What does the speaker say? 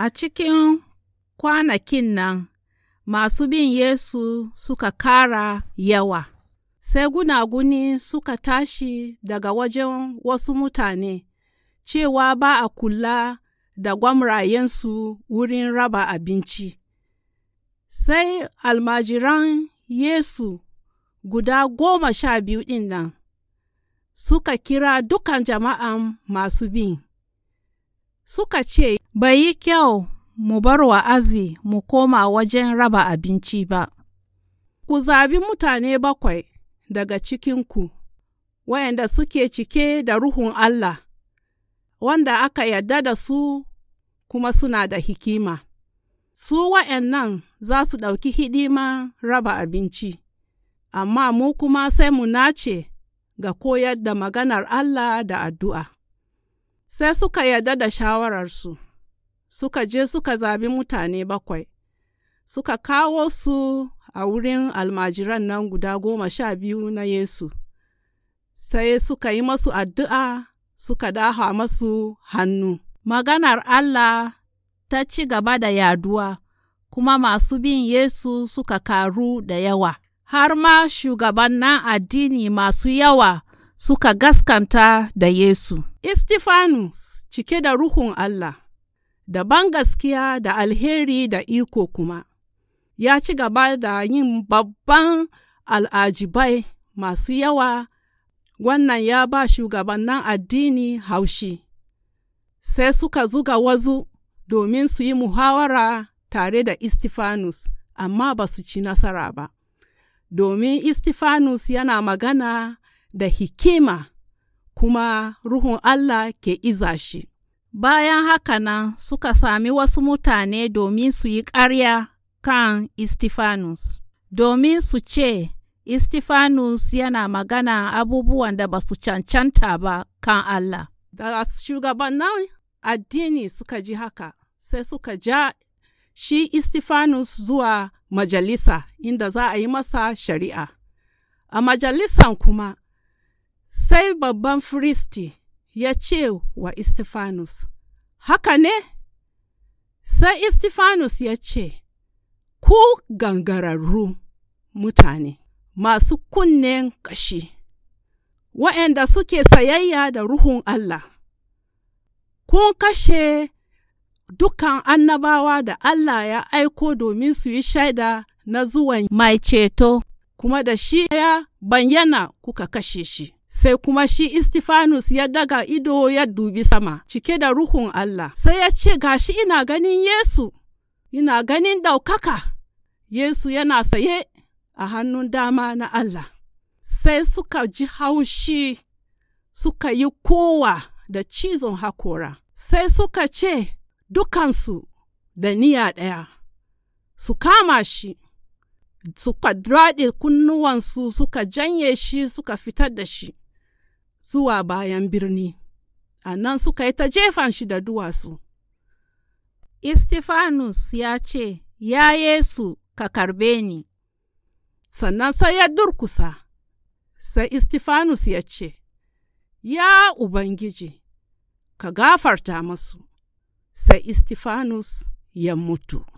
A cikin kwanakin nan, masu bin Yesu suka kara yawa, sai gunaguni suka tashi daga wajen wasu mutane, cewa ba a kula da gwamrayensu wurin raba abinci. Sai almajiran Yesu guda goma sha biyu ɗin nan suka kira dukan jama'an masu bin Suka ce, Bai yi kyau mu bar wa'azi mu koma wajen raba abinci ba. Ku zabi mutane bakwai daga cikinku, wayanda suke cike da Ruhun Allah, wanda aka yarda da su kuma suna da hikima. Su wayannan za su ɗauki hidima raba abinci, amma mu kuma sai mu nace ga koyar da maganar Allah da addu'a. Sai suka yarda da shawararsu, suka je suka zabi mutane bakwai, suka kawo su a wurin almajiran nan guda goma sha biyu na Yesu, sai suka yi masu addu'a suka daha masu hannu. Maganar Allah ta ci gaba da yaduwa, kuma masu bin Yesu suka karu da yawa, har ma shugabannin addini masu yawa suka gaskanta da Yesu. Istifanus cike da Ruhun Allah, da ban gaskiya da alheri da iko kuma, ya ci gaba da yin babban al'ajibai masu yawa, wannan ya ba shugabannin addini haushi. Sai suka zuga wazu domin su yi muhawara tare da Istifanus, amma ba su ci nasara ba, domin Istifanus yana magana da hikima kuma Ruhun Allah ke iza shi. Bayan haka nan suka sami wasu mutane domin su yi ƙarya kan Istifanus, domin su ce, Istifanus yana magana abubuwan da ba su cancanta ba kan Allah. Daga shugabannin addini suka ji haka, sai suka ja shi Istifanus zuwa majalisa inda za a yi masa shari'a. A majalisan kuma Sai babban firisti ya ce wa Istifanus, Haka ne? Sai Istifanus ya ce, Ku gangararru mutane, masu kunnen ƙashi, waɗanda suke sayayya da Ruhun Allah, kun kashe dukan annabawa da Allah ya aiko domin su yi shaida na zuwan mai ceto, kuma da shi ya bayyana kuka kashe shi. sai kuma shi Istifanus ya daga ido ya dubi sama cike da ruhun Allah, sai ya ce gashi ina ganin Yesu, ina ganin ɗaukaka, Yesu yana saye a hannun dama na Allah. Sai suka ji haushi suka yi kowa da cizon hakora, sai suka ce dukansu da niya ɗaya, su kama shi. suka daɗe kunnuwansu suka janye shi suka fitar da shi. zuwa bayan birni, a nan suka yi ta jefan shi da duwatsu. Istifanus ya ce, Ya Yesu, ka karbe ni, sannan sai ya durkusa, sai Istifanus ya ce, Ya Ubangiji, ka gafarta masu, sai Istifanus ya mutu.